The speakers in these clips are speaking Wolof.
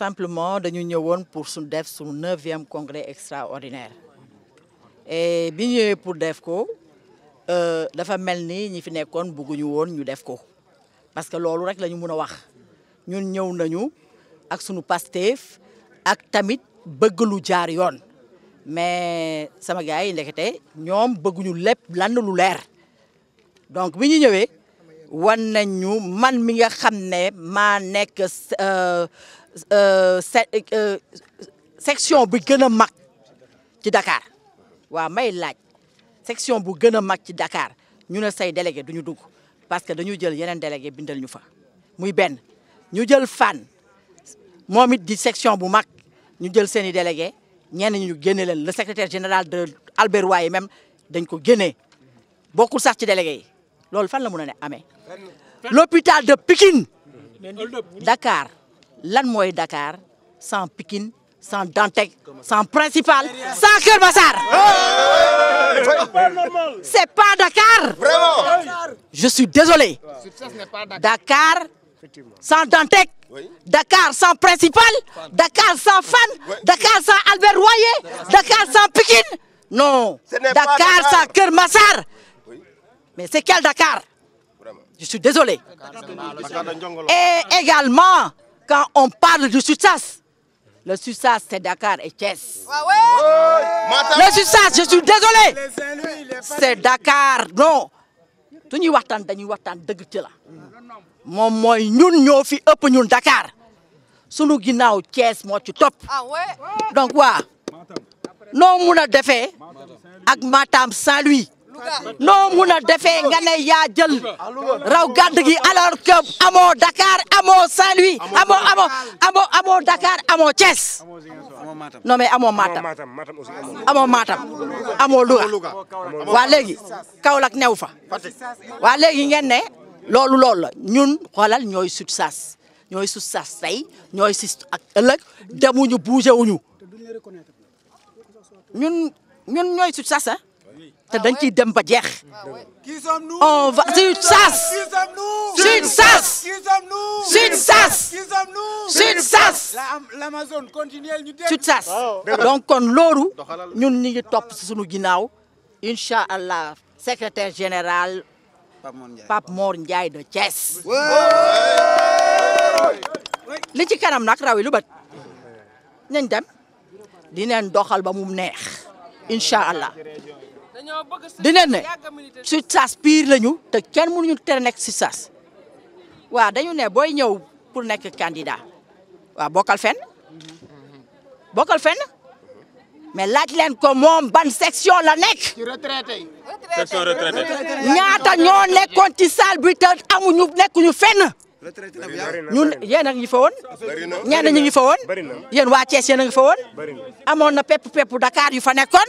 simplement dañu ñëwoon pour son def 9 neuvième congrès extraordinaire et bien ñëwee pour def ko euh, dafa mel ni ñi fi nekkoon bëgguñu woon ñu def ko parce que loolu rek la ñu mën a wax ñun ñëw nañu ak suñu Pastef ak tamit bëgg lu jaar yoon mais sama gars yi ndekete ñoom bëgguñu lépp lan lu leer donc biñu ñëwé ñëwee wan nañ ñu man mi nga xamné ma maa euh euh, euh, section bu gën mak. mag ci Dakar Wa may laaj section bu gën mak. mag ci Dakar ñu ne say délégué duñu dugg parce que dañu jël yeneen délégué bindal ñu fa muy ben ñu jël fan momit di section bu mag ñu jël délégué ñen ñu génne leen le secrétaire général de Albert Royer même dañ ko génnee bokkul sax ci délégué yi fan la mën a ne l'hôpital de Pikine Dakar lan moy Dakar sans Pikine sans Dantec sans Principal sans Kermassar c'est pas Dakar vraiment je suis désolé Dakar sans Dantec Dakar sans Principal Dakar sans fan Dakar sans Albert Royer Dakar sans Pikine non Dakar sans Kermassar mais c'est quel Dakar je suis désolé et également quand on parle du SUSAS, le SUSAS, c'est Dakar et Thiès. Ah le SUSAS, je suis désolé. C'est Dakar, non. Nous waxtan dañuy waxtan deug ci là. mom moy ñun ñoo fi ëpp ñun Dakar sunu ginaaw Thiès moo ci top. Ah donc quoi? Non, mun a defee ak Matam Saint-Louis noo mun a defe nga ne yaa jël raw gàdd gi alors que amoo Dakar amoo Saint-Louis amoo amoo amoo amoo Dakar amoo Thiès amoo Matam amoo Matam amoo Louga waa léegi Kaolack new fa waa léegi ngeen ne loolu loolu la ñun xoolal ñooy sut sas ñooy sut sas tey ñooy sis ak ëllëg demuñu bougé wuñu ñun ñooy sut sas te dañ ciy dem ba jeex on va SUTSAS SUTSAS SUTSAS SUTSAS SUTSAS donc kon loolu ñu ngi topp si suñu ginnaaw incha allah secrétaire général Pape Mor Ndiaye de Thiès li ci kanam nag raw yi lu bët nañ dem dineen doxal ba mu neex incha allah di leen ne si saas piir lañu te kenn mënuñu tere nekk si saas waaw dañu ne booy ñëw pour nekk candidat waaw bokkal fen bokal fen mais laaj leen ko moom ban section la nekk. ci retraité yi. section retraité ñaata ñoo nekkoon ci salle bi te amuñu nekkuñu fenn. ñu la ñun a ngi fa woon. ñenn ñu ngi fa woon. yéen waa Thiès yéen a fa woon. amoon na pepp pepp Dakar yu fa nekkoon.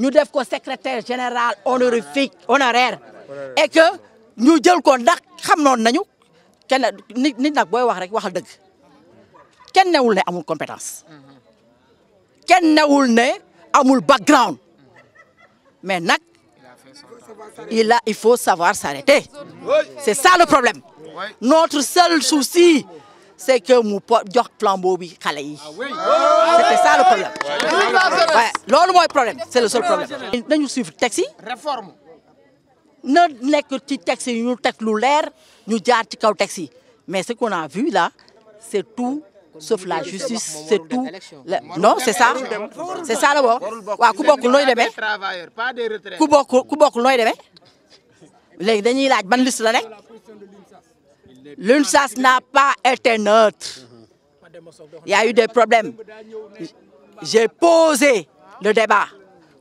Nous devons être secrétaire général honorifique honoraire et que nous devons ko nous que nous nañu kenn nit nit compétence kenn ne background mais il faut savoir s'arrêter c'est ça le problème notre seul souci c'est que mu po jox flambeau bi c'était ça le problème waaye loolu mooy problème c'est le seul problème nañu suivre taxi yi réforme na nekk ci nous yi ñu teg lu leer ñu jaar ci kaw mais ce qu'on a vu là c'est tout sauf la justice c'est tout non c'est ça c'est ça la boo waaw ku bokkul nooy demee ku bokkul ku bokkul nooy demee léegi dañuy laaj ban liste la nekk L'UNSAS n'a pas été neutre. Il y a eu des problèmes. J'ai posé le débat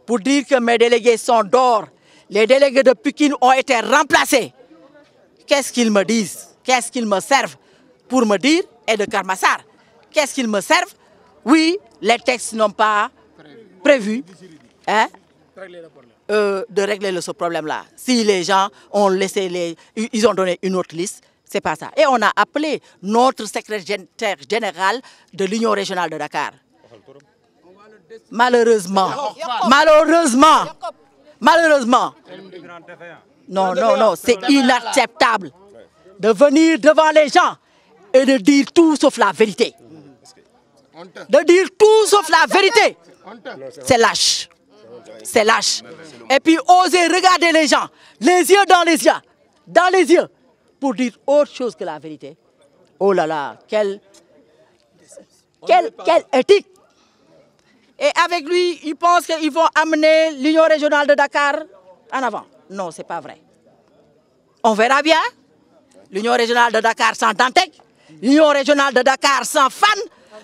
pour dire que mes délégués sont d'or. Les délégués de Pékin ont été remplacés. Qu'est-ce qu'ils me disent Qu'est-ce qu'ils me servent pour me dire Et de Karmassar, qu'est-ce qu'ils me servent Oui, les textes n'ont pas prévu hein, euh, de régler ce problème-là. Si les gens ont laissé les... Ils ont donné une autre liste, c'est pas ça. Et on a appelé notre secrétaire général de l'Union régionale de Dakar. Malheureusement, malheureusement, malheureusement, non, non, non, c'est inacceptable de venir devant les gens et de dire tout sauf la vérité. De dire tout sauf la vérité, c'est lâche. C'est lâche. Et puis oser regarder les gens, les yeux dans les yeux, dans les yeux pour dire autre chose que la vérité. Oh là là, quelle, quelle, éthique Et avec lui, ils pensent qu'ils vont amener l'Union régionale de Dakar en avant. Non, ce n'est pas vrai. On verra bien. L'Union régionale de Dakar sans Dantec, l'Union régionale de Dakar sans Fan,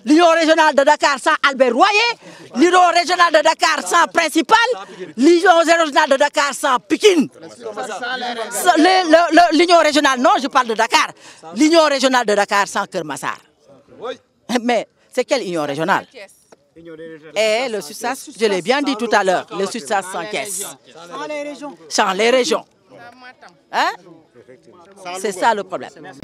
l'Union régionale de Dakar sans Albert Royer, l'Union régionale de Dakar sans Principal, l'Union régionale de Dakar sans Pikine. L'Union régionale, non, je parle de Dakar. L'Union régionale de Dakar sans Kermassar. Mais c'est quelle union régionale et le Soussas, je l'ai bien dit tout à l'heure, le sud Sans les régions. Sans les régions. Hein? C'est ça le problème.